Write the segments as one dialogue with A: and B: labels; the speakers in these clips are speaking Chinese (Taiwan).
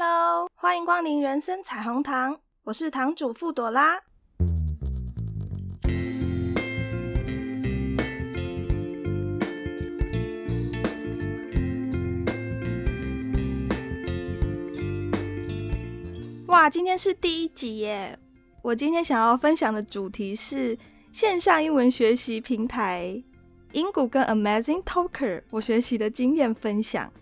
A: Hello，歡迎光臨人生彩虹糖，我是堂主傅朵拉。哇，今天是第一集耶！我今天想要分享的主題是線上英文學習平台 Engoo 跟 Amazing Talker，我學習的經驗分享。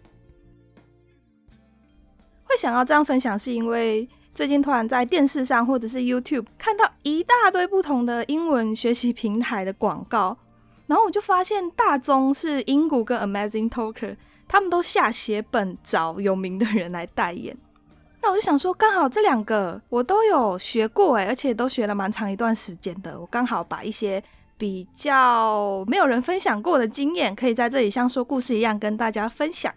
A: 想要這樣分享，是因為最近突然在電視上或者是 YouTube 看到一大堆不同的英文學習平台的廣告，然後我就發現大宗是 Engoo 跟 Amazing Talker，他們都下血本找有名的人來代言。那我就想說，剛好這兩個我都有學過、欸，誒，而且都學了蠻長一段時間的，我剛好把一些比較沒有人分享過的經驗，可以在這裡像說故事一樣跟大家分享。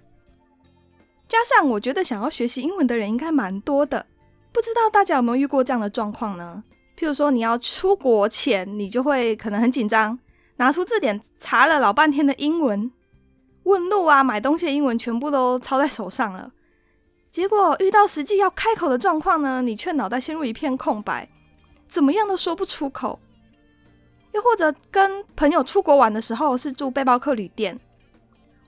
A: 加上，我覺得想要學習英文的人應該蠻多的，不知道大家有沒有遇過這樣的狀況呢？譬如說，你要出國前，你就會可能很緊張，拿出字典查了老半天的英文，問路啊、買東西的英文全部都抄在手上了。結果遇到實際要開口的狀況呢，你卻腦袋陷入一片空白，怎麼樣都說不出口。又或者跟朋友出國玩的時候，是住背包客旅店。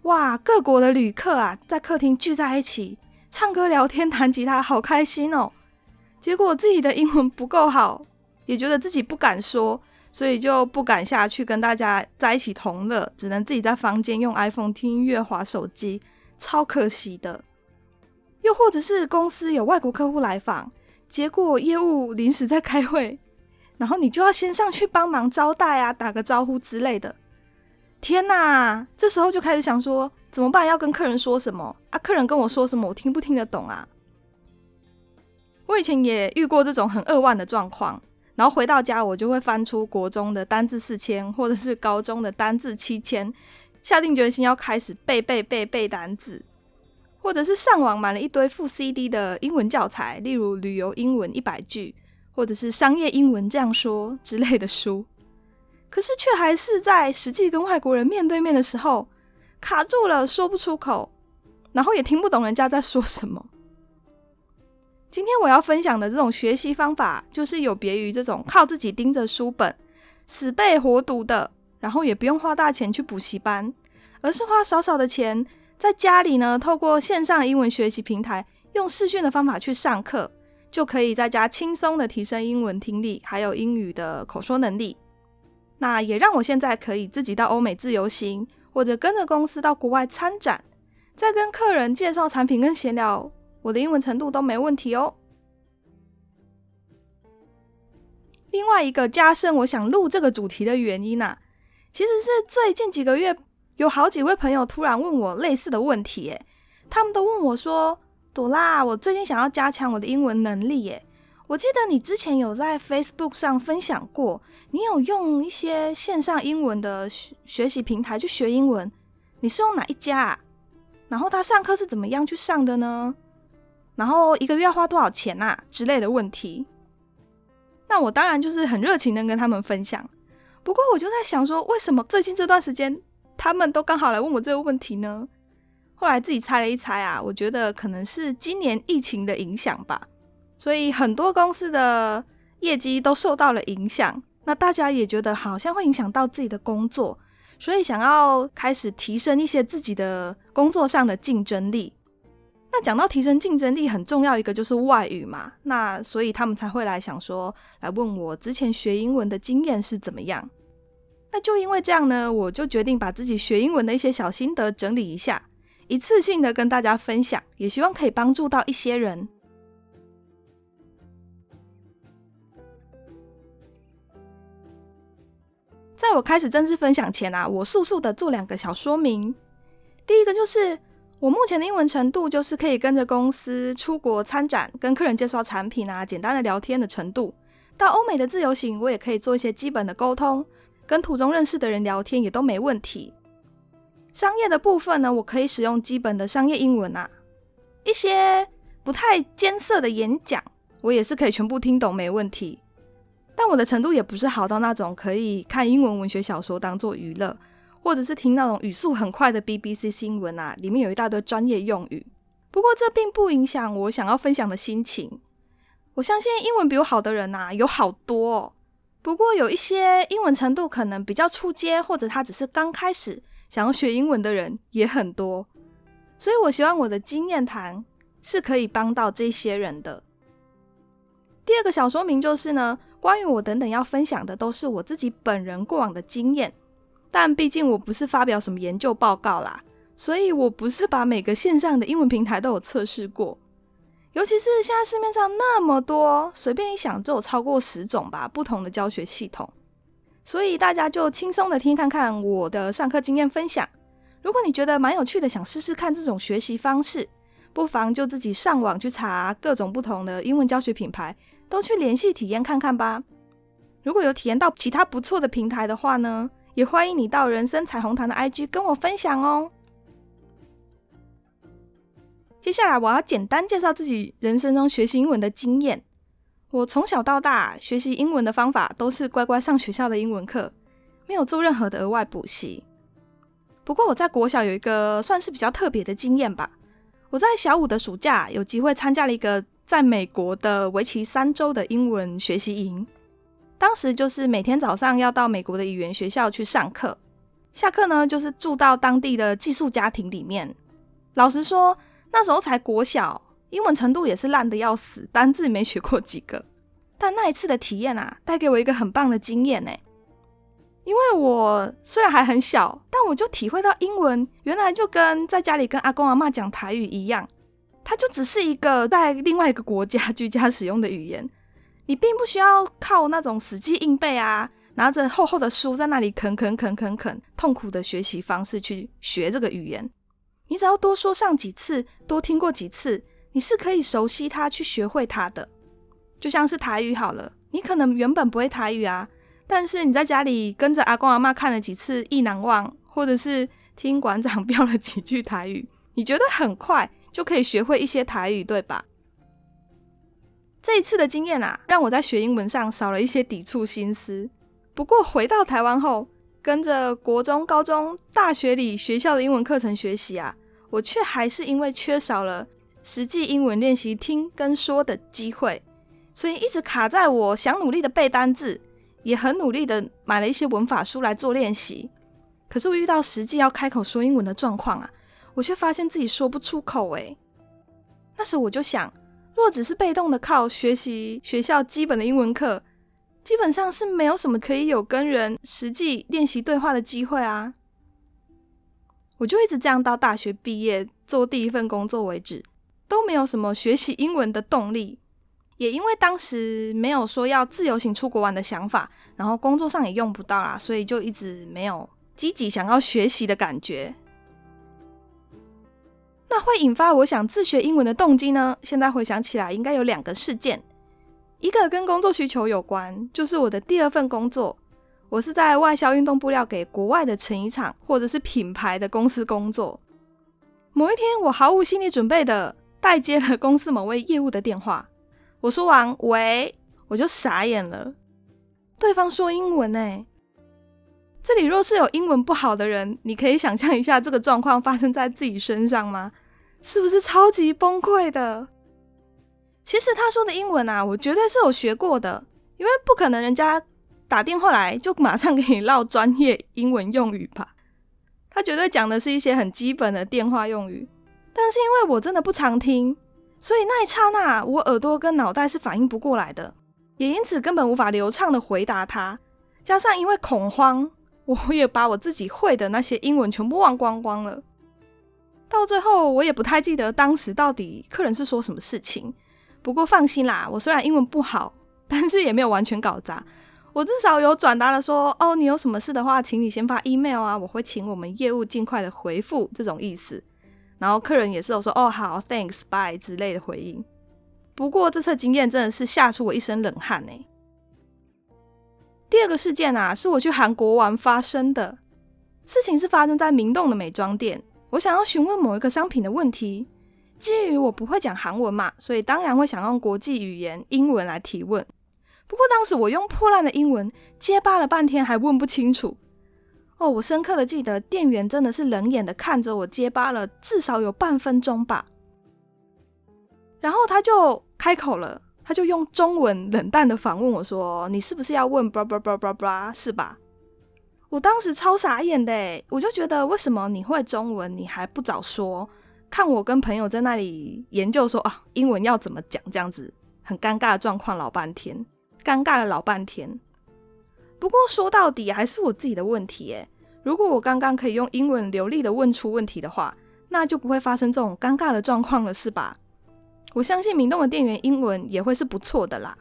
A: 哇，各國的旅客啊，在客廳聚在一起唱歌、聊天、彈吉他，好開心喔！結果自己的英文不夠好，也覺得自己不敢說，所以就不敢下去跟大家在一起同樂，只能自己在房間用 iPhone 聽音樂、滑手機，超可惜的。又或者是公司有外國客戶來訪，結果業務臨時在開會，然後你就要先上去幫忙招待啊，打個招呼之類的。天吶，這時候就開始想說怎麼辦？要跟客人說什麼啊？客人跟我說什麼，我聽不聽得懂啊？我以前也遇過這種很二萬的狀況，然後回到家我就會翻出國中的單字四千，或者是高中的單字七千，下定決心要開始背背背背單字，或者是上網買了一堆附 CD 的英文教材，例如旅遊英文一百句，或者是商業英文這樣說之類的書。可是卻還是在實際跟外國人面對面的時候卡住了，說不出口，然後也聽不懂人家在說什麼。今天我要分享的這種學習方法，就是有別於這種靠自己盯着書本死背活讀的，然後也不用花大錢去補習班，而是花少少的錢，在家裡呢，透過線上的英文學習平台，用視訊的方法去上課，就可以在家輕鬆的提升英文聽力，還有英語的口說能力。那也讓我現在可以自己到歐美自由行，或者跟着公司到國外參展，再跟客人介紹產品跟閒聊，我的英文程度都沒問題哦。另外一個加深我想錄這個主題的原因啊，其實是最近幾個月有好幾位朋友突然問我類似的問題耶，他們都問我說，朵拉，我最近想要加強我的英文能力耶。我記得你之前有在 Facebook 上分享過，你有用一些線上英文的學習平台去學英文，你是用哪一家啊？然後他上課是怎麼樣去上的呢？然後一個月要花多少錢啊？之類的問題。那我當然就是很熱情的跟他們分享，不過我就在想說，為什麼最近這段時間他們都剛好來問我這個問題呢？後來自己猜了一猜啊，我覺得可能是今年疫情的影響吧。所以很多公司的業績都受到了影響，那大家也覺得好像會影響到自己的工作，所以想要開始提升一些自己的工作上的競爭力。那講到提升競爭力，很重要一個就是外語嘛，那所以他們才會來想說，來問我之前學英文的經驗是怎麼樣。那就因為這樣呢，我就決定把自己學英文的一些小心得整理一下，一次性的跟大家分享，也希望可以幫助到一些人。在我開始正式分享前啊，我速速的做兩個小說明。第一個就是我目前的英文程度，就是可以跟着公司出國參展，跟客人介紹產品啊，簡單的聊天的程度。到歐美的自由行，我也可以做一些基本的溝通，跟途中認識的人聊天也都沒問題。商業的部分呢，我可以使用基本的商業英文啊，一些不太艱澀的演講，我也是可以全部聽懂，沒問題。但我的程度也不是好到那種可以看英文文學小說當做娛樂，或者是聽那種語速很快的 BBC 新聞啊，裡面有一大堆專業用語。不過這並不影響我想要分享的心情。我相信英文比我好的人啊，有好多哦，不過有一些英文程度可能比較初階，或者他只是剛開始想要學英文的人也很多，所以我希望我的經驗談是可以幫到這些人的。第二個小說明就是呢。關於我等等要分享的，都是我自己本人過往的經驗，但畢竟我不是發表什麼研究報告啦，所以我不是把每個線上的英文平台都有測試過，尤其是現在市面上那麼多，隨便一想就有超過十種吧，不同的教學系統，所以大家就輕鬆的聽看看我的上課經驗分享。如果你覺得蠻有趣的，想試試看這種學習方式，不妨就自己上網去查各種不同的英文教學品牌。都去聯繫體驗看看吧。如果有體驗到其他不錯的平台的話呢，也歡迎你到人生彩虹糖的 IG 跟我分享哦。接下來我要簡單介紹自己人生中學習英文的經驗。我從小到大學習英文的方法都是乖乖上學校的英文課，沒有做任何的額外補習。不過我在國小有一個算是比較特別的經驗吧。我在小五的暑假有機會參加了一個在美國的為期三周的英文學習營，當時就是每天早上要到美國的語言學校去上課，下課呢就是住到當地的寄宿家庭裡面。老實說，那時候才國小，英文程度也是爛得要死，單字沒學過幾個。但那一次的體驗啊，帶給我一個很棒的經驗呢、欸，因為我雖然還很小，但我就體會到英文原來就跟在家裡跟阿公阿嬤講台語一樣。它就只是一個在另外一個國家居家使用的語言，你並不需要靠那種死記硬背啊，拿着厚厚的書在那裡啃啃啃啃啃，痛苦的學習方式去學這個語言。你只要多說上幾次，多聽過幾次，你是可以熟悉它，去學會它的。就像是台語好了，你可能原本不會台語啊，但是你在家裡跟着阿公阿嬤看了幾次《意難忘》，或者是聽館長飆了幾句台語，你覺得很快。就可以學會一些台語，對吧？這一次的經驗啊，讓我在學英文上少了一些抵觸心思。不過回到台灣後，跟着國中、高中、大學裡學校的英文課程學習啊，我卻還是因為缺少了實際英文練習聽跟說的機會，所以一直卡在我想努力的背單字，也很努力的買了一些文法書來做練習。可是我遇到實際要開口說英文的狀況啊。我卻發現自己說不出口，哎，那時我就想，若只是被動的靠學習學校基本的英文課，基本上是沒有什麼可以有跟人實際練習對話的機會啊。我就一直這樣到大學畢業，做第一份工作為止，都沒有什麼學習英文的動力。也因為當時沒有說要自由行出國玩的想法，然後工作上也用不到啦、啊，所以就一直沒有積極想要學習的感覺。那會引發我想自學英文的動機呢？現在回想起來，應該有兩個事件，一個跟工作需求有關，就是我的第二份工作，我是在外銷運動布料給國外的成衣廠或者是品牌的公司工作。某一天，我毫無心理準備的代接了公司某位業務的電話，我說完喂，我就傻眼了，對方說英文呢、欸。這裡若是有英文不好的人，你可以想象一下這個狀況發生在自己身上嗎？是不是超級崩潰的？其實他說的英文啊，我絕對是有學過的，因為不可能人家打電話來就馬上給你嘮專業英文用語吧。他絕對講的是一些很基本的電話用語，但是因為我真的不常聽，所以那一剎那我耳朵跟腦袋是反應不過來的，也因此根本無法流暢地回答他。加上因為恐慌，我也把我自己會的那些英文全部忘光光了。到最後，我也不太記得當時到底客人是說什麼事情。不過放心啦，我雖然英文不好，但是也沒有完全搞砸，我至少有轉達了說哦，你有什麼事的話，請你先發 email 啊，我會請我們業務盡快的回復這種意思。然後客人也是有說哦好，thanks，bye 之類的回應。不過這次經驗真的是嚇出我一身冷汗欸。第二個事件啊，是我去韓國玩發生的事情，是發生在明洞的美妝店。我想要詢問某一個商品的問題，基於我不會講韓文嘛，所以當然會想用國際語言英文來提問。不過當時我用破爛的英文結巴了半天，還問不清楚。哦，我深刻的記得店員真的是冷眼的看着我結巴了至少有半分鐘吧，然後他就開口了，他就用中文冷淡的反問我說：“你是不是要問 blah blah blah blah blah 是吧？”我當時超傻眼的誒，我就覺得為什麼你會中文，你還不早說？看我跟朋友在那裡研究說啊，英文要怎麼講，這樣子很尷尬的狀況，老半天，尷尬了老半天。不過說到底還是我自己的問題，哎，如果我剛剛可以用英文流利的問出問題的話，那就不會發生這種尷尬的狀況了，是吧？我相信明洞的店員英文也會是不錯的啦。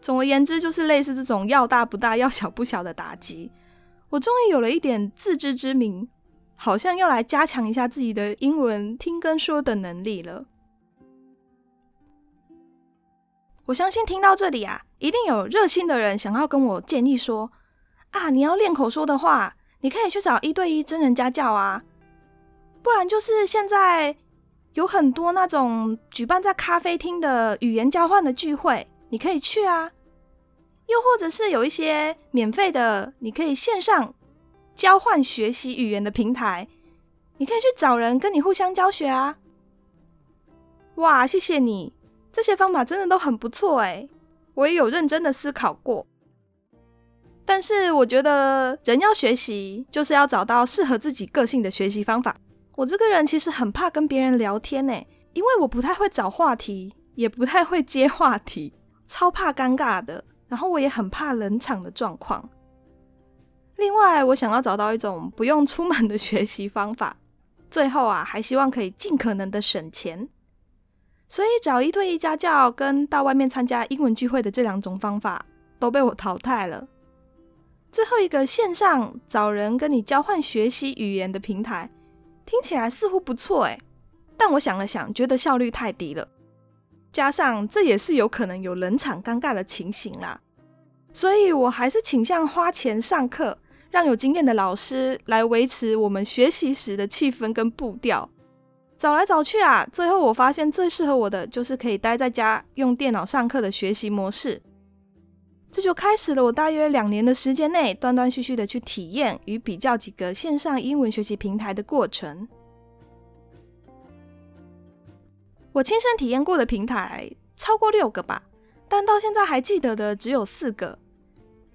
A: 總而言之，就是類似這種要大不大，要小不小的打擊。我終於有了一點自知之明，好像要來加強一下自己的英文聽跟說的能力了。我相信聽到這裡啊，一定有熱心的人想要跟我建議說，啊，你要練口說的話，你可以去找一對一真人家教啊，不然就是現在有很多那種舉辦在咖啡廳的語言交換的聚會。你可以去啊，又或者是有一些免費的，你可以線上交換學習語言的平台，你可以去找人跟你互相教學啊。哇，謝謝你，這些方法真的都很不錯誒，我也有認真的思考過。但是我覺得人要學習，就是要找到適合自己個性的學習方法。我這個人其實很怕跟別人聊天誒，因為我不太會找話題，也不太會接話題。超怕尷尬的，然後我也很怕冷場的狀況。另外，我想要找到一種不用出門的學習方法。最後啊，還希望可以盡可能的省錢。所以找一對一家教跟到外面參加英文聚會的這兩種方法都被我淘汰了。最後一個線上找人跟你交換學習語言的平台，聽起來似乎不錯誒，但我想了想，覺得效率太低了。加上，這也是有可能有冷場、尷尬的情形啊，所以我還是傾向花錢上課，讓有經驗的老師來維持我們學習時的氣氛跟步調。找來找去啊，最後我發現最適合我的就是可以待在家用電腦上課的學習模式。這就開始了我大約兩年的時間內，斷斷續續的去體驗與比較幾個線上英文學習平台的過程。我親身體驗過的平台超過六個吧，但到現在還記得的只有四個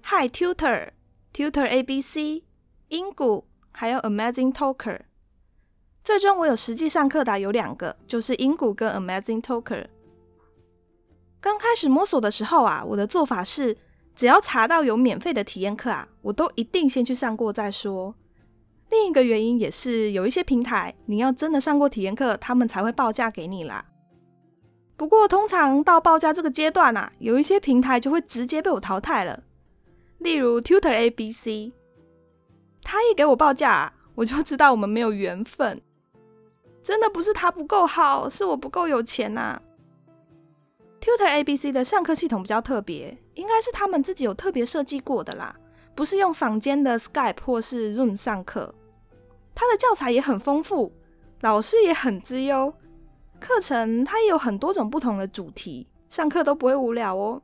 A: ：Hi Tutor、Tutor ABC、Engoo，還有 Amazing Talker。最終我有實際上課的、啊、有兩個，就是 Engoo 跟 Amazing Talker。剛開始摸索的時候啊，我的做法是，只要查到有免費的體驗課啊，我都一定先去上過再說。另一個原因也是有一些平台，你要真的上過體驗課，他們才會報價給你啦。不過通常到報價這個階段啊，有一些平台就會直接被我淘汰了。例如 Tutor ABC，他一給我報價，我就知道我們沒有緣分。真的不是他不夠好，是我不夠有錢啊。Tutor ABC 的上課系統比較特別，應該是他們自己有特別設計過的啦。不是用坊間的 Skype 或是 Zoom 上課，它的教材也很豐富，老師也很資優，課程它也有很多種不同的主題，上課都不會無聊哦。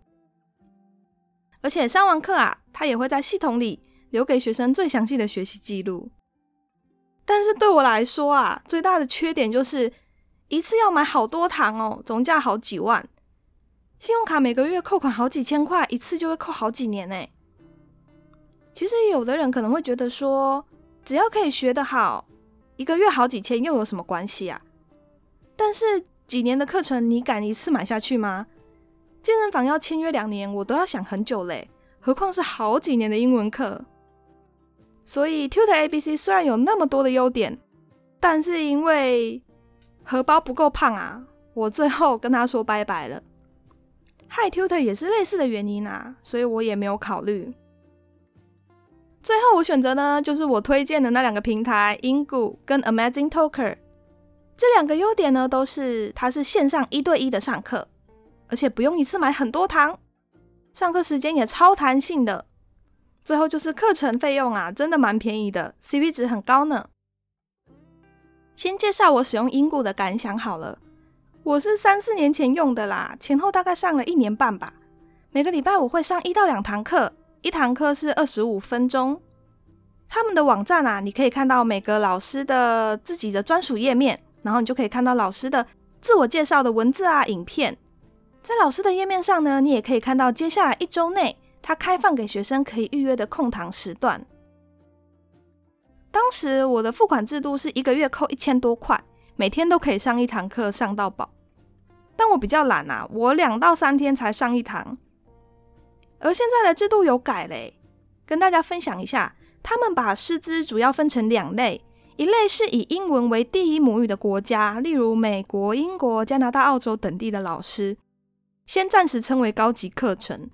A: 而且上完課啊，它也會在系統裡留給學生最詳細的學習記錄。但是對我來說啊，最大的缺點就是一次要買好多堂哦，總價好幾萬，信用卡每個月扣款好幾千塊，一次就會扣好幾年呢、欸。其實有的人可能會覺得說，只要可以學得好，一個月好幾千又有什麼關係啊？但是幾年的課程你敢一次買下去嗎？健身房要簽約兩年，我都要想很久嘞、欸，何況是好幾年的英文課。所以 Tutor ABC 雖然有那麼多的優點，但是因為荷包不夠胖啊，我最後跟他說拜拜了。Hi Tutor 也是類似的原因啊，所以我也沒有考慮。最後我選擇的呢，就是我推薦的那兩個平台，Engoo 跟 Amazing Talker。這兩個優點呢，都是它是線上一對一的上課，而且不用一次買很多堂，上課時間也超彈性的。最後就是課程費用啊，真的蠻便宜的，CP 值很高呢。先介紹我使用 Engoo 的感想好了，我是三四年前用的啦，前後大概上了一年半吧。每個禮拜我會上一到兩堂課。一堂課是二十五分鐘。他們的網站啊，你可以看到每個老師的自己的專屬頁面，然後你就可以看到老師的自我介紹的文字啊、影片。在老師的頁面上呢，你也可以看到接下來一週內他開放給學生可以預約的空堂時段。當時我的付款制度是一個月扣一千多塊，每天都可以上一堂課，上到飽。但我比較懶啊，我兩到三天才上一堂。而現在的制度有改了耶，跟大家分享一下，他們把師資主要分成兩類，一類是以英文為第一母語的國家，例如美國、英國、加拿大、澳洲等地的老師，先暫時稱為高級課程。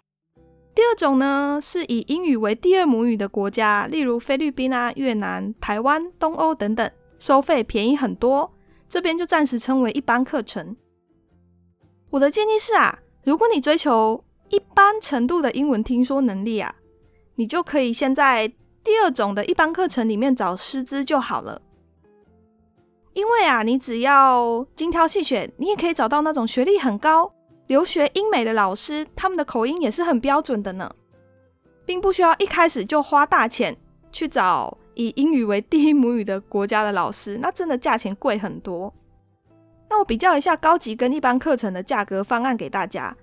A: 第二種呢，是以英語為第二母語的國家，例如菲律賓啊、越南、台灣、東歐等等，收費便宜很多，這邊就暫時稱為一般課程。我的建議是啊，如果你追求。一般程度的英文聽說能力啊，你就可以先在第二種的一般課程裡面找師資就好了。因為啊，你只要精挑細選，你也可以找到那種學歷很高、留學英美的老師，他們的口音也是很標準的呢，並不需要一開始就花大錢去找以英語為第一母語的國家的老師，那真的價錢貴很多。那我比較一下高級跟一般課程的價格方案給大家。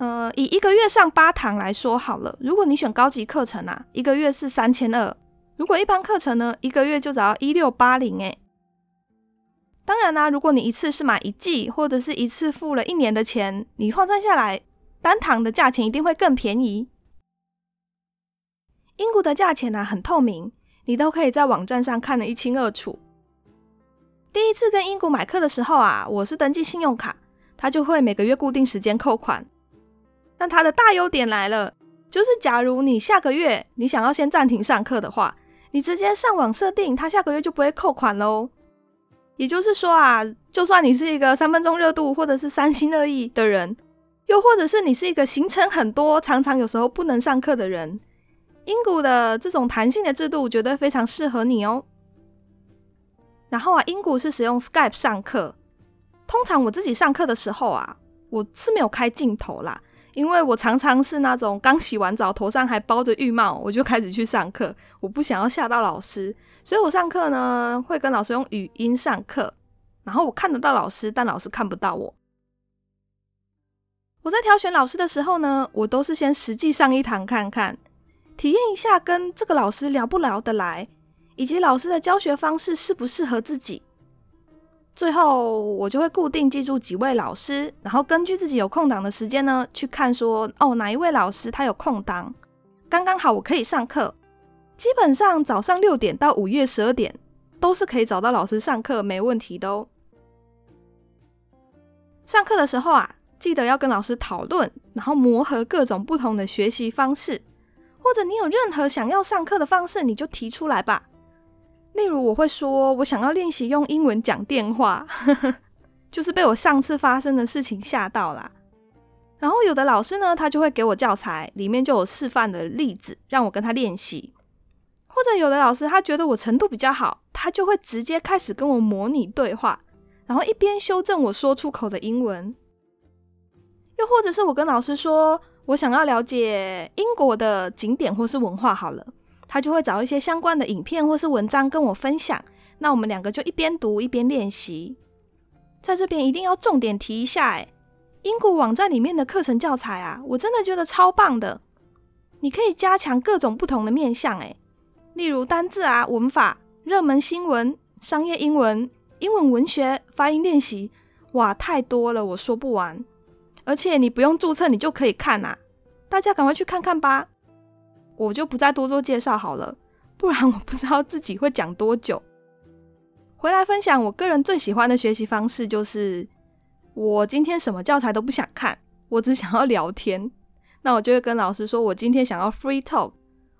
A: 呃，以一個月上八堂來說好了。如果你選高級課程啊，一個月是三千二；如果一般課程呢，一個月就只要一六八零。誒。當然啦，啊，如果你一次是買一季，或者是一次付了一年的錢，你換算下來，單堂的價錢一定會更便宜。Engoo 的價錢啊，很透明，你都可以在網站上看得一清二楚。第一次跟 Engoo 買課的時候啊，我是登記信用卡，他就會每個月固定時間扣款。那它的大優點來了，就是假如你下個月你想要先暫停上課的話，你直接上網設定，它下個月就不會扣款咯。也就是說啊，就算你是一個三分鐘熱度或者是三心二意的人，又或者是你是一個行程很多，常常有時候不能上課的人，英谷的這種彈性的制度絕對非常適合你哦。然後啊，英谷是使用 Skype 上課，通常我自己上課的時候啊，我是沒有開鏡頭啦。因為我常常是那種剛洗完澡，頭上還包着浴帽，我就開始去上課。我不想要嚇到老師，所以我上課呢會跟老師用語音上課，然後我看得到老師，但老師看不到我。我在挑選老師的時候呢，我都是先實際上一堂看看，體驗一下跟這個老師聊不聊得來，以及老師的教學方式適不適合自己。最後，我就會固定記住幾位老師，然後根據自己有空檔的時間呢，去看說哦，哪一位老師他有空檔，剛剛好我可以上課。基本上早上六點到午夜十二點都是可以找到老師上課，沒問題的哦。上課的時候啊，記得要跟老師討論，然後磨合各種不同的學習方式，或者你有任何想要上課的方式，你就提出來吧。例如，我會說，我想要練習用英文講電話， 就是被我上次發生的事情嚇到啦。然後，有的老師呢，他就會給我教材，裡面就有示範的例子，讓我跟他練習。或者，有的老師他覺得我程度比較好，他就會直接開始跟我模擬對話，然後一邊修正我說出口的英文。又或者是我跟老師說，我想要了解英國的景點或是文化，好了。他就會找一些相關的影片或是文章跟我分享，那我們兩個就一邊讀一邊練習。在這邊一定要重點提一下，哎，Engoo 網站裡面的課程教材啊，我真的覺得超棒的。你可以加強各種不同的面向，哎，例如單字啊、文法、熱門新聞、商業英文、英文文學、發音練習，哇，太多了，我說不完。而且你不用註冊，你就可以看啊，大家趕快去看看吧。我就不再多做介紹好了，不然我不知道自己會講多久。回來分享我個人最喜歡的學習方式就是，我今天什麼教材都不想看，我只想要聊天。那我就會跟老師說，我今天想要 free talk。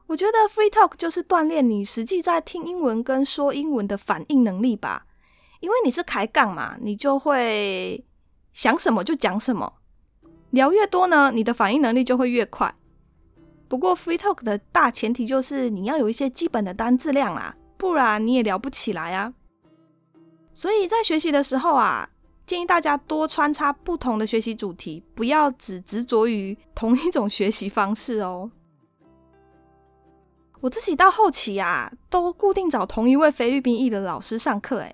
A: 我覺得 free talk 就是鍛鍊你實際在聽英文跟說英文的反應能力吧，因為你是開槓嘛，你就會想什麼就講什麼，聊越多呢，你的反應能力就會越快。不過，free talk 的大前提就是你要有一些基本的單字量啦、啊，不然你也聊不起來啊。所以在學習的時候啊，建議大家多穿插不同的學習主題，不要只執着於同一種學習方式哦。我自己到後期啊，都固定找同一位菲律賓裔的老師上課，哎，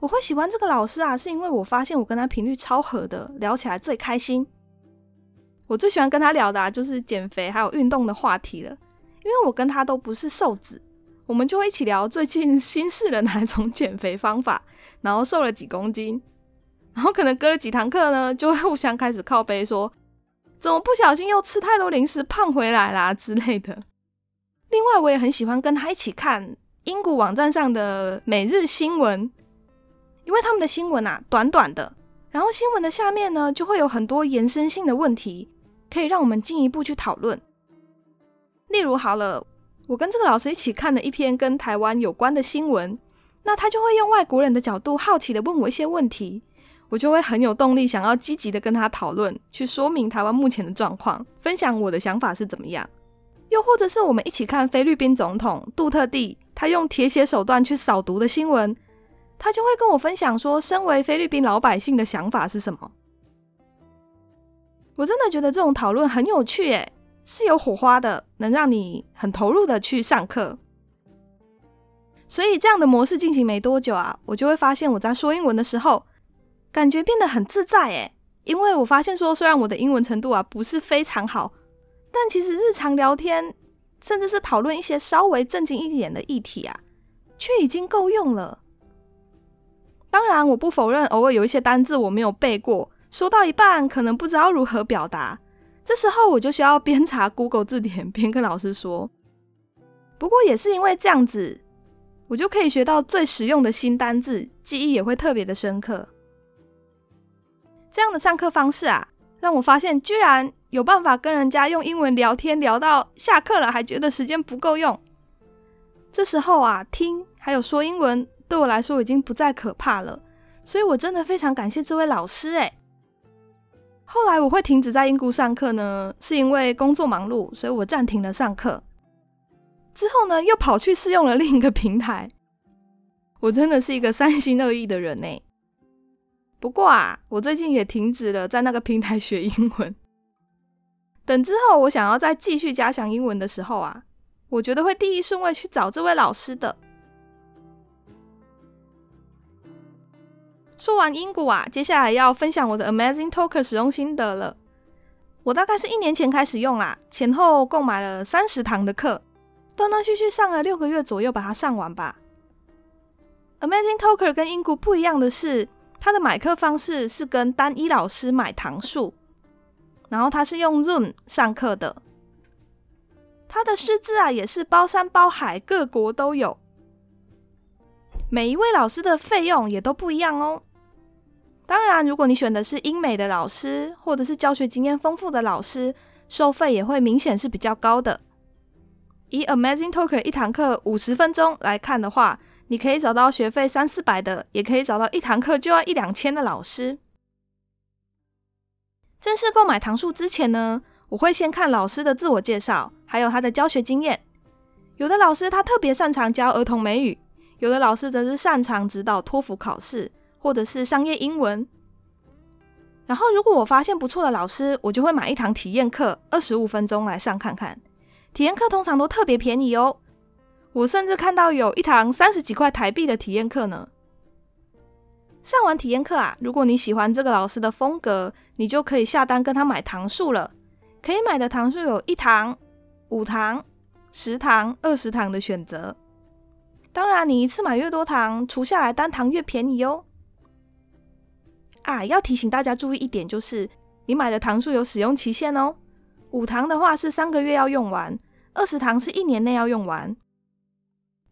A: 我會喜歡這個老師啊，是因為我發現我跟他頻率超合的，聊起來最開心。我最喜歡跟他聊的，啊，就是減肥還有運動的話題了，因為我跟他都不是瘦子，我們就會一起聊最近新試了哪一種減肥方法，然後瘦了幾公斤，然後可能隔了幾堂課呢，就會互相開始靠背說，怎麼不小心又吃太多零食胖回來啦、啊、之類的。另外，我也很喜歡跟他一起看 Engoo 網站上的每日新聞，因為他們的新聞啊，短短的，然後新聞的下面呢，就會有很多延伸性的問題。可以讓我們進一步去討論。例如，好了，我跟這個老師一起看了一篇跟台灣有關的新聞，那他就會用外國人的角度，好奇的問我一些問題，我就會很有動力，想要積極的跟他討論，去說明台灣目前的狀況，分享我的想法是怎麼樣。又或者是我們一起看菲律賓總統杜特蒂他用鐵血手段去掃毒的新聞，他就會跟我分享說，身為菲律賓老百姓的想法是什麼。我真的覺得這種討論很有趣，誒，是有火花的，能讓你很投入的去上課。所以這樣的模式進行沒多久啊，我就會發現我在說英文的時候，感覺變得很自在，誒，因為我發現說，雖然我的英文程度啊不是非常好，但其實日常聊天，甚至是討論一些稍微正經一點的議題啊，卻已經夠用了。當然，我不否認偶爾有一些單字我沒有背過。說到一半，可能不知道如何表達，這時候我就需要邊查 Google 字典，邊跟老師說。不過也是因為這樣子，我就可以學到最實用的新單字，記憶也會特別的深刻。這樣的上課方式啊，讓我發現居然有辦法跟人家用英文聊天，聊到下課了還覺得時間不夠用。這時候啊，聽還有說英文對我來說已經不再可怕了，所以我真的非常感謝這位老師、欸，哎。後來我會停止在 Engoo 上課呢，是因為工作忙碌，所以我暫停了上課。之後呢，又跑去試用了另一個平台。我真的是一個三心二意的人呢。不過啊，我最近也停止了在那個平台學英文。等之後我想要再繼續加強英文的時候啊，我覺得會第一順位去找這位老師的。說完 Engoo 啊，接下來要分享我的 Amazing Talker 使用心得了。我大概是一年前開始用啦，前後共買了三十堂的課，斷斷續續上了六個月左右把它上完吧。Amazing Talker 跟 Engoo 不一樣的是，它的買課方式是跟單一老師買堂數，然後它是用 Zoom 上課的。它的師資啊也是包山包海，各國都有，每一位老師的費用也都不一樣哦。當然，如果你選的是英美的老師，或者是教學經驗豐富的老師，收費也會明顯是比較高的。以 Amazing Talker 一堂課五十分鐘來看的話，你可以找到學費三四百的，也可以找到一堂課就要一兩千的老師。正式購買堂數之前呢，我會先看老師的自我介紹，還有他的教學經驗。有的老師他特別擅長教兒童美語，有的老師則是擅長指導托福考試。或者是商業英文，然後如果我發現不錯的老師，我就會買一堂體驗課，二十五分鐘來上看看。體驗課通常都特別便宜哦，我甚至看到有一堂三十幾塊台幣的體驗課呢。上完體驗課啊，如果你喜歡這個老師的風格，你就可以下單跟他買堂數了。可以買的堂數有一堂、五堂、十堂、二十堂的選擇。當然啊，你一次買越多堂，除下來單堂越便宜哦。啊，要提醒大家注意一點，就是你買的堂數有使用期限哦。五堂的話是三個月要用完，二十堂是一年內要用完。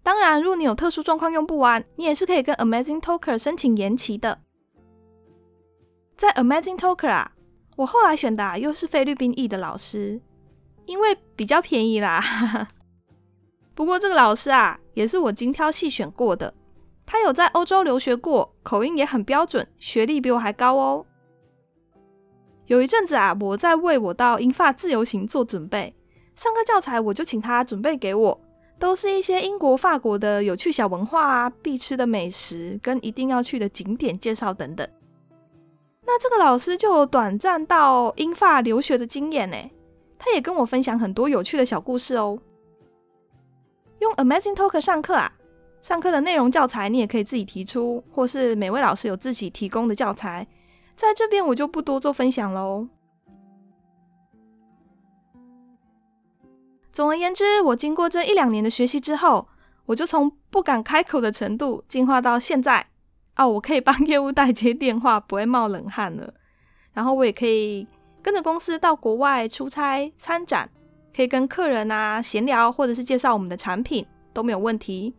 A: 當然，如果你有特殊狀況用不完，你也是可以跟 Amazing Talker 申請延期的。在 Amazing Talker 啊，我後來選的啊，又是菲律賓裔的老師，因為比較便宜啦。 不過這個老師啊，也是我精挑細選過的。他有在歐洲留學過，口音也很標準，學歷比我還高哦。有一陣子啊，我在為我到英法自由行做準備，上課教材我就請他準備給我，都是一些英國、法國的有趣小文化啊、必吃的美食跟一定要去的景點介紹等等。那這個老師就有短暫到英法留學的經驗欸，他也跟我分享很多有趣的小故事哦。用 AmazingTalker 上課啊。上課的內容教材，你也可以自己提出，或是每位老師有自己提供的教材，在這邊我就不多做分享嘍。總而言之，我經過這一兩年的學習之後，我就從不敢開口的程度進化到現在哦、啊，我可以幫業務代接電話，不會冒冷汗了。然後我也可以跟着公司到國外出差、參展，可以跟客人啊閒聊，或者是介紹我們的產品，都沒有問題。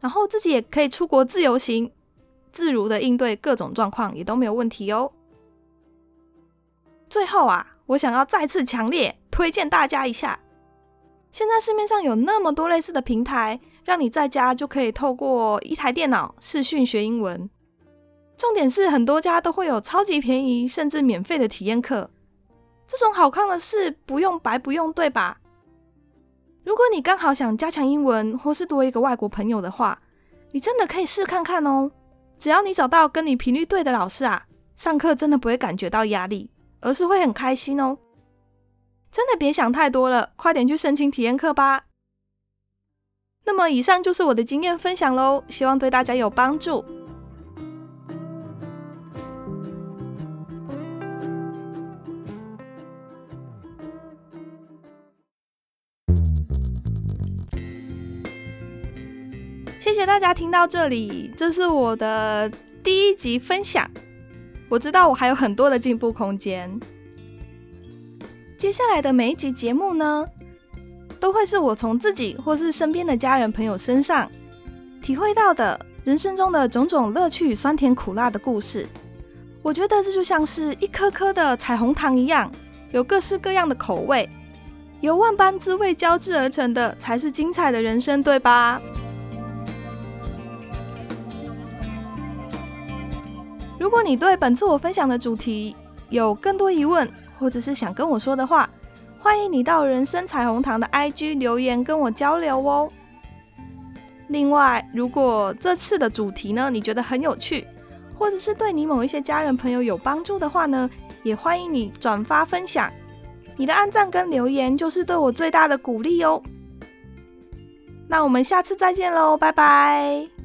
A: 然後自己也可以出國自由行，自如的應對各種狀況也都沒有問題哦。最後啊，我想要再次強烈推薦大家一下，現在市面上有那麼多類似的平台，讓你在家就可以透過一台電腦視訊學英文。重點是很多家都會有超級便宜甚至免費的體驗課，這種好康的事不用白不用，對吧？如果你剛好想加強英文，或是多一個外國朋友的話，你真的可以試看看哦。只要你找到跟你頻率對的老師啊，上課真的不會感覺到壓力，而是會很開心哦。真的別想太多了，快點去申請體驗課吧。那麼以上就是我的經驗分享嘍，希望對大家有幫助。謝謝大家聽到這裡，這是我的第一集分享。我知道我還有很多的進步空間。接下來的每一集節目呢，都會是我從自己或是身邊的家人朋友身上體會到的人生中的種種樂趣、酸甜苦辣的故事。我覺得這就像是一顆顆的彩虹糖一樣，有各式各樣的口味，由萬般滋味交織而成的，才是精彩的人生，對吧？如果你對本次我分享的主題有更多疑問，或者是想跟我說的話，歡迎你到人生彩虹糖的 IG 留言跟我交流哦。另外，如果這次的主題呢，你覺得很有趣，或者是對你某一些家人朋友有幫助的話呢，也歡迎你轉發分享。你的按讚跟留言就是對我最大的鼓勵哦。那我們下次再見嘍，拜拜。